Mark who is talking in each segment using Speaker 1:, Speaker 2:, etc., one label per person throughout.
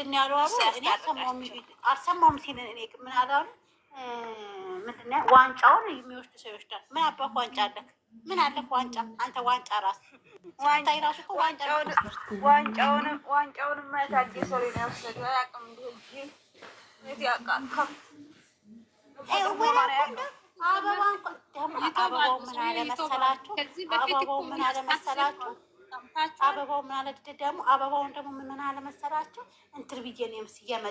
Speaker 1: ምንድን ነው ያለው አሉ። እኔ አልሰማሁም ሲል እኔ ምን አላሉ ምንድን ነው ዋንጫውን የሚወስዱ ሰው ይወስዳል። ምን አባክ ዋንጫ አለክ? ምን አለክ ዋንጫ? አንተ ዋንጫ ራስ ስታይ ራሱ እኮ ዋንጫ ሰው
Speaker 2: ነው ያሰዱ አያውቅም።
Speaker 1: እዚህ አበባ አበባው ምን አለ መሰላችሁ? አበባው ምን አለ መሰላችሁ? አበባው ምን አለ ደግሞ አበባውን ደግሞ ምን አለ መሰላቸው እንትን ብዬ ነው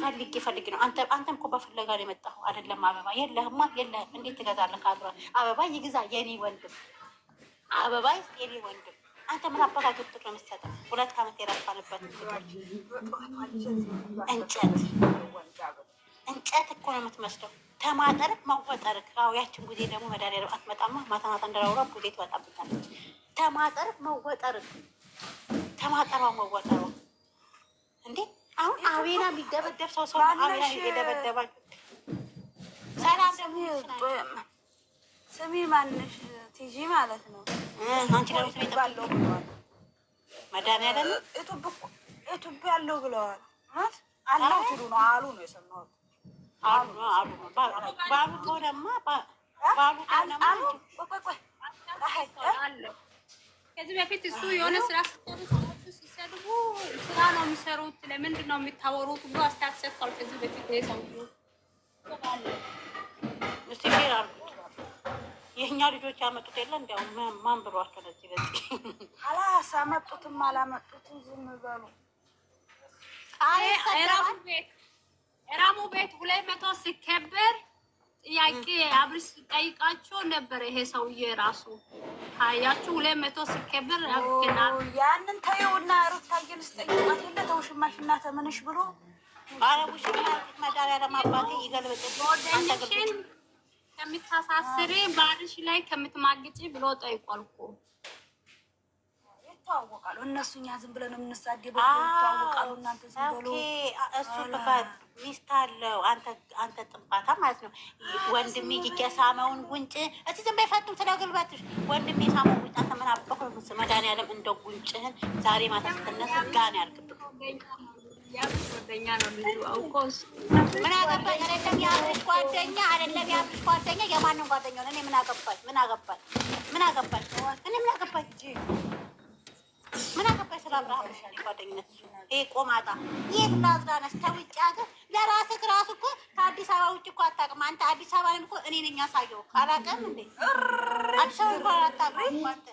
Speaker 1: ፈልጌ ፈልጌ ነው። አንተም እኮ በፍለጋ ነው የመጣሁ አይደለም። አበባ የለህማ፣ የለህም። እንዴት ትገዛለህ? ከአብረ አበባ ይግዛ የኔ ወንድም፣ አበባ የኔ ወንድም። አንተ ምን አባታ ግብጥ ነው ሁለት ዓመት እንጨት እንጨት እኮ ነው የምትመስለው። ተማጠርክ መወጠርክ። ያችን ጊዜ ደግሞ መዳሪያ አትመጣማ። ማታ ማታ እንደራውራ ጊዜ ትወጣብታለች ተማጠር መወጠር ተማጠሯ መወጠሯ እንዴ አሁን አቤና የሚደበደብ ሰው ሰው አቤና የደበደበ ሰላም
Speaker 2: ስሚ ማንሽ ቲጂ ማለት ነው።
Speaker 1: አንቺ ደግሞ ስሜ ባለው ብለዋል። መድኃኒዓለም
Speaker 2: እቱብ ያለው ብለዋል። አላሁ ትሉ ነው አሉ ነው የሰማሁት።
Speaker 1: አሉ ባሉ ከሆነማ ባሉ ከሆነማ ቆይ ቆይ
Speaker 2: ከዚህ በፊት እሱ የሆነ ስራ ስትሰሩ ሲሰድቡ ስራ ነው የሚሰሩት፣ ለምንድን ነው የሚታወሩት ብሎ አስተያየት ሰጥቷል። ከዚህ በፊት የእኛ ልጆች ያመጡት የለ እንዲያውም ማን ብሏቸው ለዚህ በዚህ አላስ አመጡትም አላመጡትም ዝም በሉ። ራሙ ቤት ሁለት መቶ ሲከበር ጥያቄ አብርሽ ጠይቃቸው ነበረ። ይሄ ሰውዬ ራሱ ታያችሁ ሁለት መቶ ስከብር አብክናል። ያንን ተይውና ሩታዬን ስጠይቃት የለ ተውሽማሽ እና ተምንሽ ብሎ አረቡሽን መዳሪያ ለማባቴ ይገልበጥ ከምታሳስሪ ባልሽ ላይ ከምትማግጭ ብሎ ጠይቋል እኮ ይታወቃሉ። እነሱ እኛ ዝም ብለን የምንሳደበው ይታወቃሉ። እናንተ ዝም ብሎ እሱ ሚስት አለው አንተ አንተ ጥንባታ ማለት ነው። ወንድሜ ጅጅ የሳመውን ጉንጭ እስቲ ዝም በይ ፈቱ ወንድሜ የሳመውን ጉንጭ አንተ ምን አበኩ መድኃኒዓለም እንደ ጉንጭህን ዛሬ ማታ ስትነሳ ጋን ያርግብህ። ጓደኛ ምን አገባኝ? አይደለም የአብርሽ ጓደኛ አይደለም የአብርሽ ጓደኛ የማንም ጓደኛ እኔ ምን አገባኝ? ምን አገባኝ? ምን አገባኝ? እኔ ምን አገባኝ? ምን አገባኝ? ስለ አብርሃም ጓደኝነት ይሄ ቆማጣ ይህ ላዝዳነስ ተውጭ አገር ለራስህ እራሱ እኮ ከአዲስ አበባ ውጭ እኮ አታውቅም። አንተ አዲስ አበባን እኮ እኔ ነኝ ያሳየው። አላውቅም እንዴ አዲስ አበባ እንኳን አታውቅም አንተ።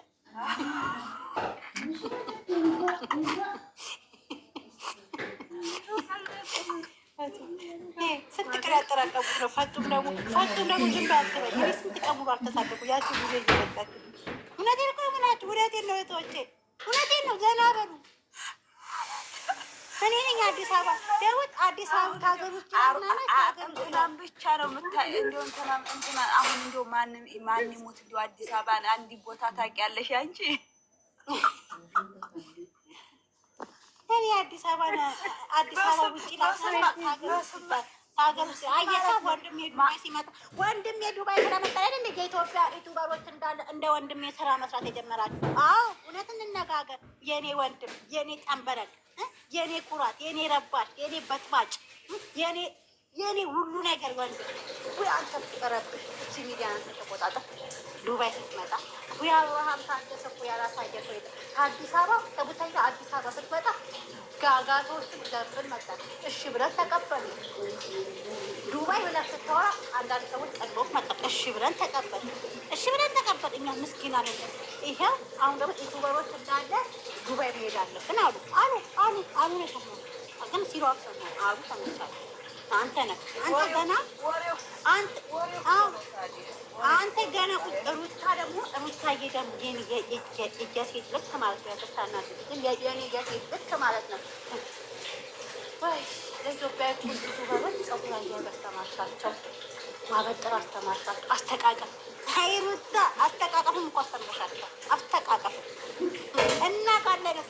Speaker 2: ስንት ቅር ነው። ፈጡም ደግሞ ፈጡም ደግሞ ዝም እኔ ስንት ጊዜ እውነቴን እኮ የምላችሁ እውነቴን ነው። እውነቴን ነው። ዘና በሉ እኔ ነኝ አዲስ አበባ ዳዊት አዲስ አበባ ታገር ውስጥ እንትናም ብቻ ነው ምታ እንዲሁ እንትናም እንትና አሁን እንዲሁ ማንም ማን ይሞት እንዲሁ አዲስ አበባ አንድ ቦታ ታውቂያለሽ አንቺ? እኔ አዲስ አበባ አዲስ አበባ ውጪ ላሰራ ታገር ወንድሜ ዱባይ ስራ መጣ አይደል? የኢትዮጵያ ዩቱበሮች እንዳለ እንደ ወንድሜ ስራ መስራት የጀመራችሁ? አዎ፣ እውነት እንነጋገር። የኔ ወንድም፣ የኔ ጠንበረል፣ የኔ ኩራት፣ የኔ ረባሽ፣ የኔ በጥባጭ፣ የኔ ሁሉ ነገር ወንድም አንተ ረብሽ ሚዲያ አንተ ተቆጣጠር። ዱባይ ስትመጣ ወይ አብርሃም ታደሰ እኮ ያላሳየከው ከአዲስ አበባ ከቡታይታ አዲስ አበባ ስትመጣ ጋጋቶቹ ደብል መጣ። እሺ ብለን ተቀበል። ዱባይ ብለን ስታወራ አንዳንድ ሰዎች ቀድሞ መጣ። እሺ ብለን ተቀበል። እሺ ብለን ተቀበል። እኛ ምስኪን አለ። ይሄው አሁን ደግሞ ዩቱበሮች እንዳለ ዱባይ መሄድ አለብን አሉ አሉ አሉ አሉ ነው ግን ሲሉ አሉ ተመቻለ አንተ ነህ አንተ ገና አንተ ገና ሩታ ደግሞ ሩታዬ ደግሞ የጃሴት ልክ ማለት ነው። ያተታና ግን የኔ ጃሴት ልክ ማለት ነው። ለኢትዮጵያ ብዙ በበት ጸጉር አያያዝ ማበጠር አስተማርታቸው አስተቃቀፍ ሩታ አስተቃቀፍም እኮ አስተምረሻቸው አስተቃቀፍም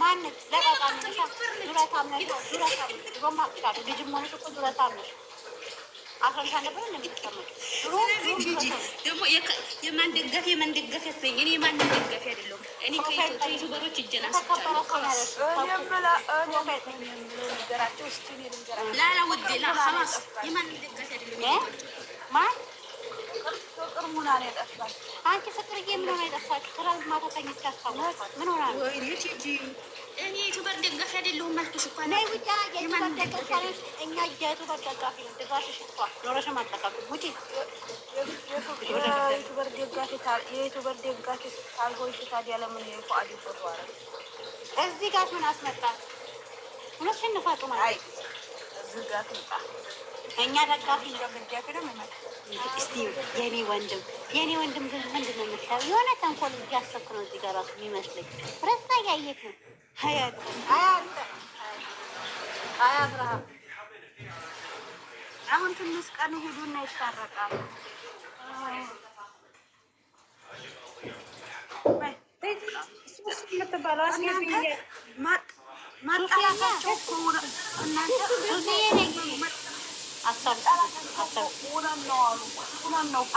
Speaker 2: ማነች? ዘቃቃም ዱረታም ነሽ። ዱረታም ድሮም አቅሻለሁ። ልጅም ሆነሽ እኮ ዱረታም ነሽ። ደግሞ የማን ደጋፊ የማን ደጋፊ አትበይኝ። እኔ የማን ደጋፊ አይደለሁም። እኔ ከዩቱበሮች እጀና ስታላላ ውዴ ላ ሀማስ የማን ደጋፊ አይደለሁም ነው አንቺ ፍቅርዬ? ምን ሆነ የጠፋችሁ? ትናንት ማታ ተኝታችሁ ምን ሆና እኔ ዩቱበር ደጋፊ አይደለሁም አልኩሽ እኮ ነይ ውጪ። የዩቱበር ደጋፊ እኛ የዩቱበር ደጋፊ ነው። ድጋሽሽ እኮ ኖረሽም አልጠቃብኝ። ውጪ የዩቱበር ደጋፊ ካልሆንሽ ታዲያ ለምን የፉአድ ፎቶ አለ እዚህ ጋር ምን አስመጣት? ሁለትሽን ንፋጡ ማለት እዚህ ጋር ትምጣ እኛ ደጋፊ እስቲ የኔ ወንድም የኔ ወንድም ግን ምንድን ነው የምታየው? የሆነ ተንኮል እያሰብክ ነው እዚህ ጋር ራሱ የሚመስለኝ ረሳ እያየት ነው ሀያት አብርሃም አሁን ትንሽ ቀን ሂዱና ይታረቃሉ።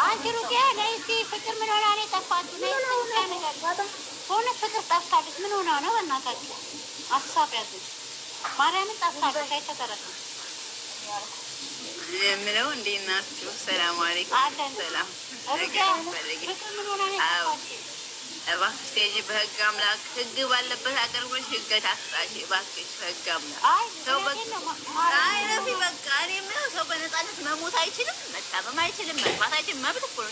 Speaker 2: አንቺ ሩቅያ ነይ እስኪ ፍቅር ምን ሆና ነው የጠፋችሁ? ነይ በእውነት ፍቅር ጠፍታለች። ምን ሆና ነው? በእናታችሁ አሳቢያለች። ማርያምን ጠፍታለች። አይተጠረት የምለው እንዴት ናችሁ? ሰላም አለይኩም። ሰላም ፍቅር ምን ሆና ነው የጠፋችሁ? እባክሽ ተይኝ፣ በህግ አምላክ። ህግ ባለበት ሀገር ሆነሽ ህግ ታስራሽ እባክሽ፣ በህግ አምላክ። በቃ እኔ የምለው ሰው በነፃነት መሞት አይችልም፣ መታመም አይችልም፣ መግባት አይችልም። መብት እኮ ነው።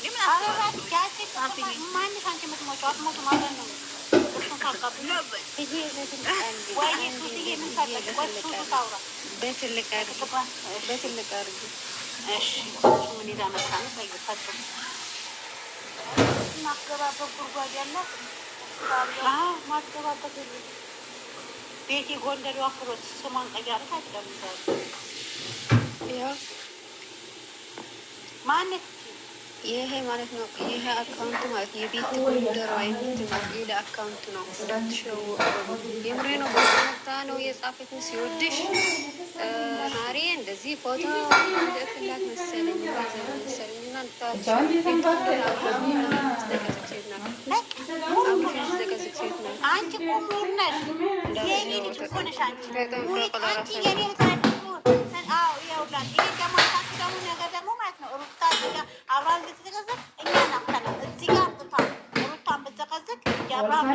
Speaker 2: በትልቅ አድርጊ እሺ። ማስገባበት ጉድጓድ ያላት ማስገባበት ቤቴ ጎንደር ዋክሮች ስሟን ቀያርታ አይደለም ማነት ይሄ ማለት ነው። ይሄ አካውንት ማለት የቤት ኮምፒውተሯ የምትማት ሌላ አካውንት ነው። እንዳትሸወቁ የምሬ ነው። በታ ነው የጻፈች ሲወድሽ ማሬ እንደዚህ ፎቶ ልእክላት መሰለኝ መሰለኝ እና ሩታ አብርሃም ብትዘቀዘቅ እኛ ናፍታለ እዚህ ጋር ሩታ ሩታን ብትዘቀዘቅ የአብርሃም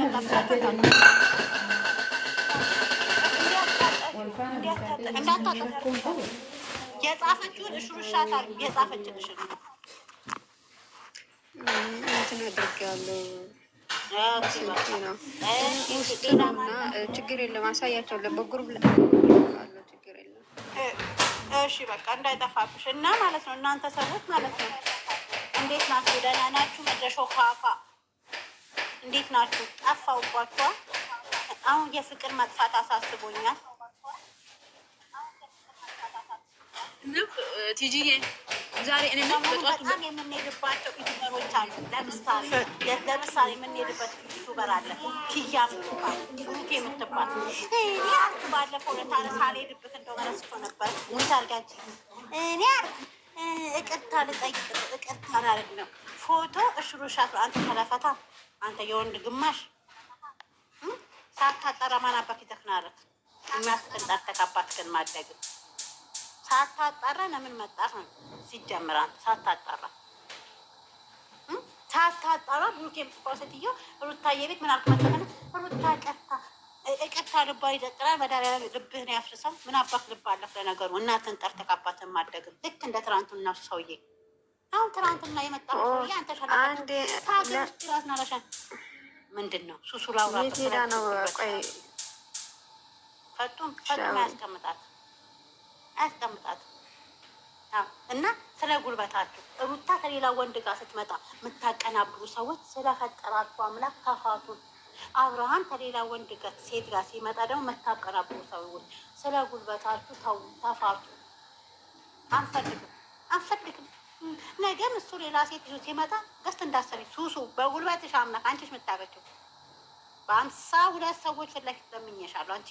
Speaker 2: የጻፈችውን እሽሩሻታል የጻፈችን እሽሩ እንትን አድርጌዋለሁ ችግር የለም። አሳያቸዋለሁ በጉሩብ ችግር የለም። እሺ በቃ እንዳይጠፋብሽ እና ማለት ነው። እናንተ ሰዎች ማለት ነው። እንዴት ናችሁ? ደህና ናችሁ? መድረሻው ኳኳ እንዴት ናችሁ? ጠፋውባችኋል። አሁን የፍቅር መጥፋት አሳስቦኛል። ቲጂዬ ዛሬ እኔ በጣም የምንሄድባቸው ዩቱበሮች አሉ። ለምሳሌ ለምሳሌ የምንሄድበት ዩቱበር አለ ኪያ ምትባል ሩኬ ምትባል እኔ አልክ ባለፈው ለታረ ሳልሄድበት እንደሆነ ረስቶ ነበር ሙታርጋጅ እኔ አልክ እቅርታ ልጠይቅ እቅርታ ላደርግ ነው። ፎቶ እሽሩሻት አንተ ተለፈታ አንተ የወንድ ግማሽ ሳታጠረማና ማን አባት ይተክናለት ተካባት ግን ማደግም ሳታጣራ ለምን መጣህ ነው ሲጀምር፣ ሳታጣራ ሳታጣራ ብሩኬ የምትባው ሴትዮ ሩታዬ ቤት ምን አልክ መጣህ? ሩታ ቀርታ እቅርታ ልባ ይደጥራ መዳሪያ ልብህን ያፍርሰው። ምን አባት ልብ አለፍ። ለነገሩ እናትን ጠርተህ አባትን ማደግም ልክ እንደ ትናንቱና ሰውዬ አሁን ትናንትና የመጣ ምንድን ነው ሱሱላውራ ነው። ቆይ ፈጡም ፈጡም ያስቀምጣት አያስቀምጣትም። እና ስለ ጉልበታችሁ ሩታ ከሌላ ወንድ ጋር ስትመጣ የምታቀናብሩ ሰዎች ስለፈጠራችሁ አምላክ ተፋቱን። አብርሃም ከሌላ ወንድ ጋር ሴት ጋር ሲመጣ ደግሞ የምታቀናብሩ ሰዎች ስለ ጉልበታችሁ ተው፣ ተፋቱ። አንፈልግም አንፈልግም። ነገም እሱ ሌላ ሴት ይዞ ሲመጣ ገስት እንዳሰሪ ሱሱ በጉልበትሽ አምላክ አንቺሽ የምታረችው በአምሳ ሁለት ሰዎች ፊት ለፊት ለምኜሻለሁ አንቺ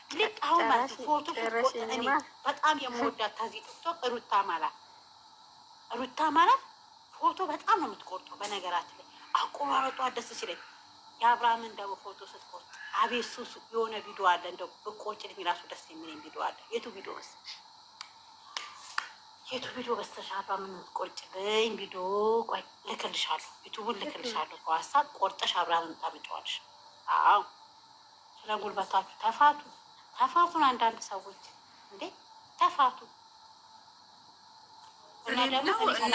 Speaker 2: ልክ አሁን ማለት ፎቶ እኔ በጣም የምወዳት ከዚህ ቲክቶክ ሩታ ማላት ሩታ ማላት ፎቶ በጣም ነው የምትቆርጠው። በነገራችን ላይ አቆራረጧ ደስ ሲለኝ የአብርሃም እንደው ፎቶ ስትቆርጥ አቤት ሱሱ የሆነ ቪዲዮ አለ እንደው ብቆጭ ራሱ ደስ የሚለኝ ቪዲዮ አለ። የቱ ቪዲዮ መስ የቱ ቪዲዮ በስተሻ አብርሃም የምትቆርጭልኝ ቪዲዮ ቆይ ልክልሻለሁ፣ ዩቱቡን ልክልሻለሁ። ከዋሳብ ቆርጠሽ አብርሃም ታምጫዋለሽ። አዎ ስለ ጉልበታችሁ ተፋቱ። ተፋቱን። አንዳንድ ሰዎች እንዴ ተፋቱ።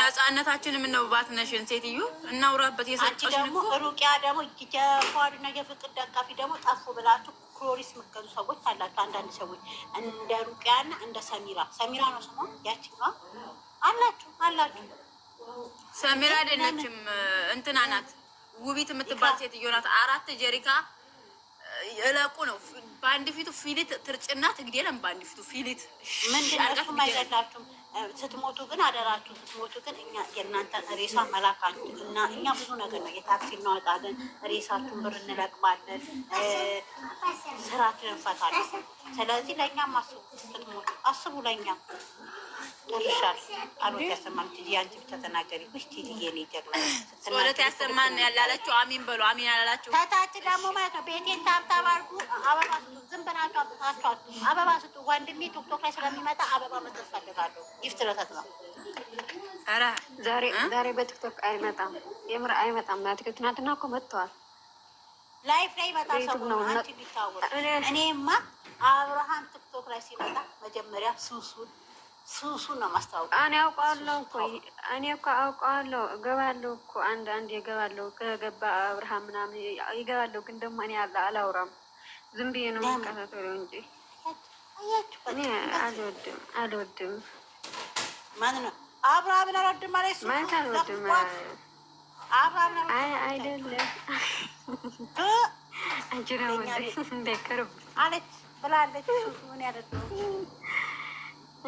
Speaker 2: ነጻነታችን የምንውባት ነሽን ሴትዮ እናውራበት። የሰጠሽ ደግሞ ሩቅያ ደግሞ የፏድና የፍቅር ደጋፊ ደግሞ ጠፉ ብላችሁ ክሎሪስ የምትገዙ ሰዎች አላችሁ። አንዳንድ ሰዎች እንደ ሩቅያ ና እንደ ሰሚራ ሰሚራ ነው ስሟ ያችኛዋ አላችሁ አላችሁ። ሰሚራ አይደለችም እንትና ናት፣ ውቢት የምትባል ሴትዮ ናት። አራት ጀሪካ የለቁ ነው። በአንድ ፊቱ ፊሊት ትርጭና ትግዴለም። በአንድ ፊቱ ፊሊት ምንድነሱም ነው? ስትሞቱ ግን አደራችሁ፣ ስትሞቱ ግን እኛ የእናንተ ሬሳ መላካችሁ እና እኛ ብዙ ነገር ነው፣ የታክሲ እናወጣለን፣ ሬሳችሁን ብር እንለቅማለን፣ ስራችን እንፈታለን። ስለዚህ ለእኛም አስቡ፣ ስትሞቱ አስቡ ለእኛም ጦርሻል አሉ ያሰማም ቲጂ አንቺ ብቻ ተናገሪ። ኩሽ ጸሎት ያሰማን ያላላችሁ አሚን በሉ። አሚን ያላላችሁ ታታች ደግሞ ማለት ነው። ቤቴን ታብታብ አድርጉ። አበባ ስጡ። ዝም ብላችሁ አጥታችሁ አበባ ስጡ። ወንድሜ ቶክቶክ ላይ ስለሚመጣ አበባ መስጠት ፈልጋለሁ። ጊፍት ለሰጥ ነው። ኧረ ዛሬ ዛሬ በቲክቶክ አይመጣም፣ የምር አይመጣም። ማትክ ትናንትና እኮ መጥተዋል። ላይፍ ላይ ይመጣል ሰው ነው። አንቺ ቢታወቅ እኔማ አብርሃም ቲክቶክ ላይ ሲመጣ መጀመሪያ ሱሱን ሱሱ ነው ማስታወቅ። እኔ አውቀዋለሁ እኮ እኔ እኮ አውቀዋለሁ፣ እገባለሁ እኮ አንድ አንድ እገባለሁ። ከገባ አብርሃም ምናምን ይገባለሁ፣ ግን ደግሞ እኔ አለ አላውራም፣ ዝም ብዬ ነው የምከታተለው እንጂ እኔ አልወድም አልወድም። ማን ነው አብርሃምን አልወድም ማለት ነው? ማን አልወድም አይደለም፣ አለች ብላለች። ምን ያደርገው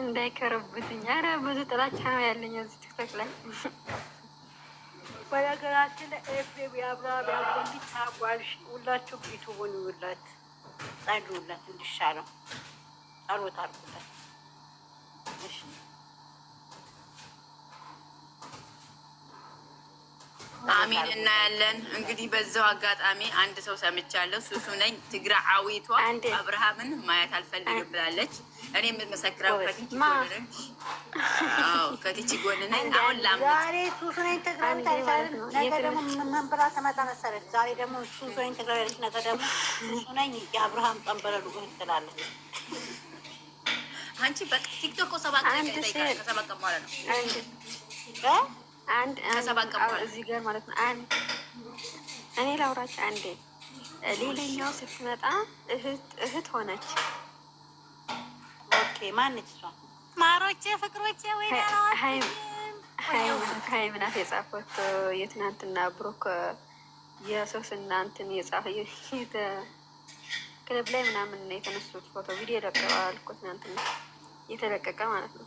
Speaker 2: እንዳይከረብትኝ። ኧረ ብዙ ጥላቻ ነው ያለኝ እዚህ ቲክቶክ ላይ። በነገራችን ላይ ኤፍሬም የአብርሃም ያጎንዲ ታቋልሽ ሁላችሁ ቤቱ ሆኑላት፣ ጸልዩላት፣ እንዲሻለው ጸሎት አድርጉለት እሺ። አሚን እናያለን። እንግዲህ በዛው አጋጣሚ አንድ ሰው ሰምቻለሁ። ሱሱ ነኝ ትግራዓዊቷ አብርሃምን ማየት አልፈልግም ብላለች። እኔ የምትመሰክረው ከቲቺ ጎን ነኝ። አሁን ዛሬ ሱሱ ነኝ ትግራዊ ታይታለን። ነገ ደግሞ መንበራ ተመጣ መሰለች። ዛሬ ደግሞ ሱሱ ነኝ ትግራዊ ያለች፣ ነገ ደግሞ ሱሱ ነኝ የአብርሃም ጠንበረ ልጎ ትላለች። አንቺ በቃ ቲክቶክ ሰባት ሰባት ቀን በኋላ ነው አንድ እዚህ ጋር ማለት ነው። አንድ እኔ ላውራች አንዴ ሌላኛው ስትመጣ እህት እህት ሆነች። ኦኬ ማነች እሷ? ማሮቼ ፍቅሮቼ፣ ወይ ሀይም ምናት የጻፈት የትናንትና ብሩክ የሶስ እናንትን የጻፈ ክለብ ላይ ምናምን የተነሱት ፎቶ ቪዲዮ ለቀዋል እኮ ትናንትና የተለቀቀ ማለት ነው።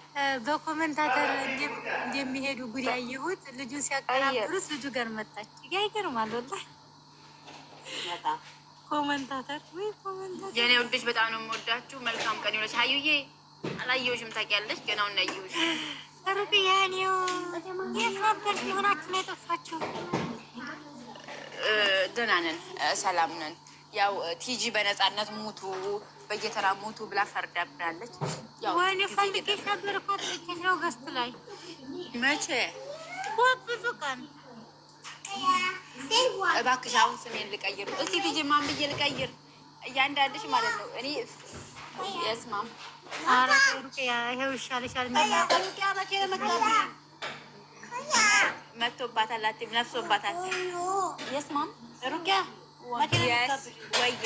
Speaker 2: በኮመንታተር እንደሚሄዱ ጉድ ያየሁት ልጁን ሲያቀናብሩት ልጁ ጋር መጣች። ይገርማል ወላሂ። ኮመንታተር ወይ ኮመንታተር። የኔ ውዶች በጣም ነው የምወዳችሁ። መልካም ቀን ይሁንልሽ። ሀዩዬ አላየሁሽም ታውቂያለሽ፣ ገና አሁን አየሁሽ። ሩቅ ያኔው የት ነበር ሲሆናችሁ ነው የጠፋችሁ? ደህና ነን፣ ሰላም ነን። ያው ቲጂ በነፃነት ሙቱ በየተራ ሞቶ ብላ ፈርዳብናለች። ወይኔ ፈልጌሽ ነበር እኮ ጥቂት ነው ገስት ላይ መቼ ብዙ ቀን እባክሽ አሁን ስሜን ልቀይር ነው። እስቲ ልጅ ማን ብዬ ልቀይር? እያንዳንድሽ ማለት ነው። እኔ የስማም ይሄው ይሻልሻል። መቶባታል፣ ነፍሶባታል። የስማም ሩቅያ ወየ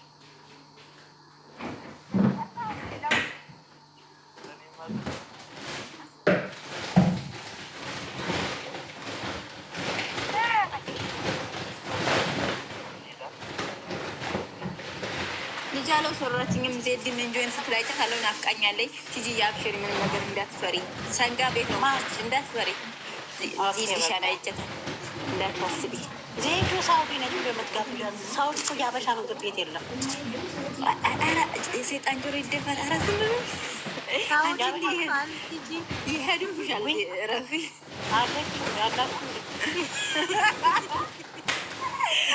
Speaker 2: አለው ሶራችኝም ዜድ ምንጆን ስትላይ ካለው ናፍቃኛለች። ቲጂ የአብሽር ምን ነገር እንዳትፈሪ፣ ሰንጋ ቤት ነው ማች እንዳትፈሪ። ይሻን አይጨት እንዳታስቢ። ዜዱ ሳውዲ ነች በመትጋት ሳውዲ እኮ የአበሻ ምግብ ቤት የለም። ሴጣን ጆሮ ይደፋል። አራት ይሄድም ብሻል ረፊ አለች አላኩ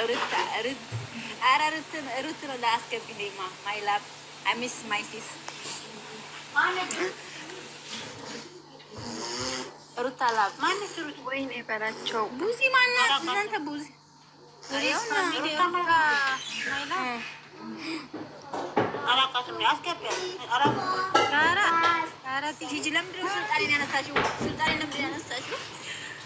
Speaker 2: ኧረ ቲጂ ለምንድን ነው ስልጣኔን ያነሳሽው? ስልጣኔን ለምንድን ያነሳሽው?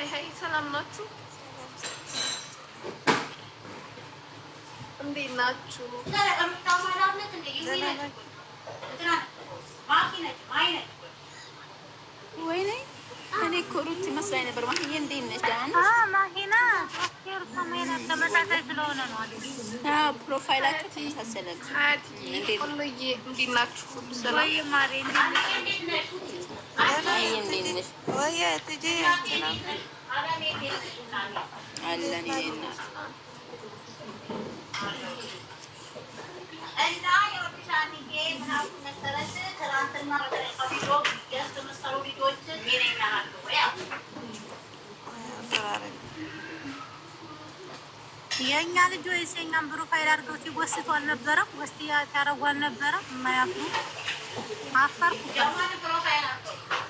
Speaker 2: ሀይ ሀይ፣ ሰላም ናችሁ? እንዴት ናችሁ? ወይኔ እኔ እኮ ሩት ይመስላኝ ነበር። ማሂዬ እንዴት ነሽ? ማሂና ተመሳሳይ ስለሆነ ነው ፕሮፋይላችሁ ተመሳሰለ። እንዴት ናችሁ? የእኛ ልጅ ወይስ የእኛም ብሩፋይል አድርገው ሲወስቱ አልነበረም? ወስቲ ያረጉ አልነበረም? የማያፍሩ አፈርኩ።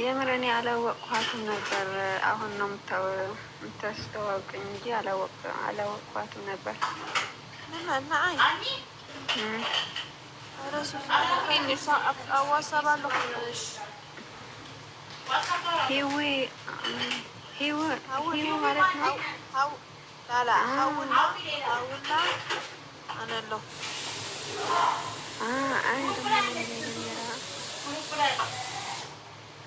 Speaker 2: የምር እኔ አላወቅኳትም ነበር። አሁን ነው የምታስተዋውቅኝ እንጂ አላወቅኳትም ነበር። ማለት ነው አንድ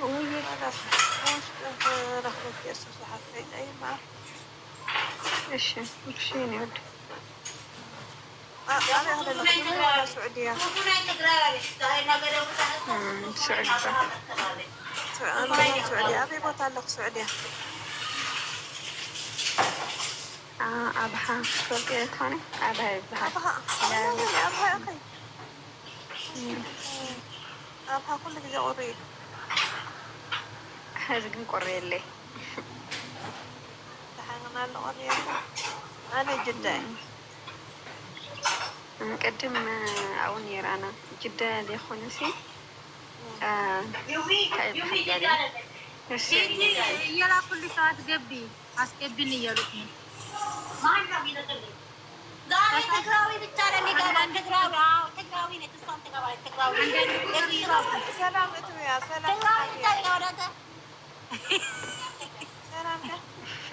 Speaker 2: وهي راه راه في الصحة الفايدة مع ايش وشيني ولد السعودية سعودية أبي بطلق سعودية آه، أبها تركيا إخواني أبها أبها أبها أبها أبها كل جزء قريب ሕዚ ግን ቆሪ የለይ ቅድም ኣብኡ ነይራ ጅዳ ዘይኮነ ሲ እየላኩሉ ሰው አትገቢ አስገቢን እያሉት ነው። ትግራዊ ብቻ ነው የሚገባ። ትግራዊ ትግራዊ ነች እሷም ትገባ ትግራዊ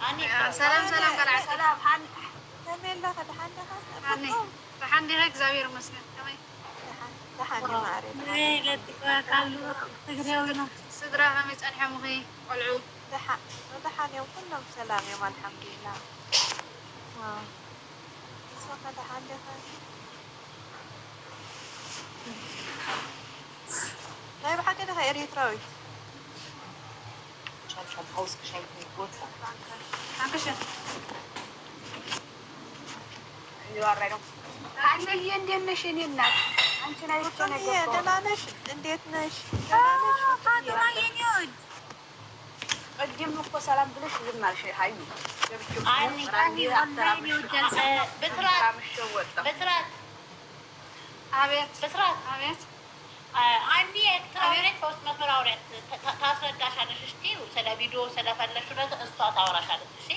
Speaker 2: ፈሓንዲኻ እግዚኣብሔር ይመስገን ከመይ ስድራ ከመይ ፀኒሖም ኺ ቆልዑ ደሓን እዮም ኩሎም ሰላም እዮም አልሓምዱሊላ ንስኻ ደሓን ዲኻ ናይ ብሓቂ ዲኻ ኤርትራዊ Dankeschön vom hausgeschenkten Geburtstag. Danke. Dankeschön. አንቺ ይሄ እንዴት ነሽ? እኔ እናት አንቺ ላይ ብቻ ነገር ነው። ደህና ነሽ? እንዴት ነሽ? ደህና ነሽ? ፋጡማ የኔ ወድ ቅድም እኮ ሰላም ብለሽ ዝም አልሽ። ሀዩ በስርዓት በስርዓት አቤት በስርዓት አቤት አንዴ ኤርትራዊነት በውስጥ መስመር አውሪያት ታስረዳሻለሽ። እስኪ ስለ ቪዲዮ ስለፈለግሽ እሷ ታወራሻለች። እሺ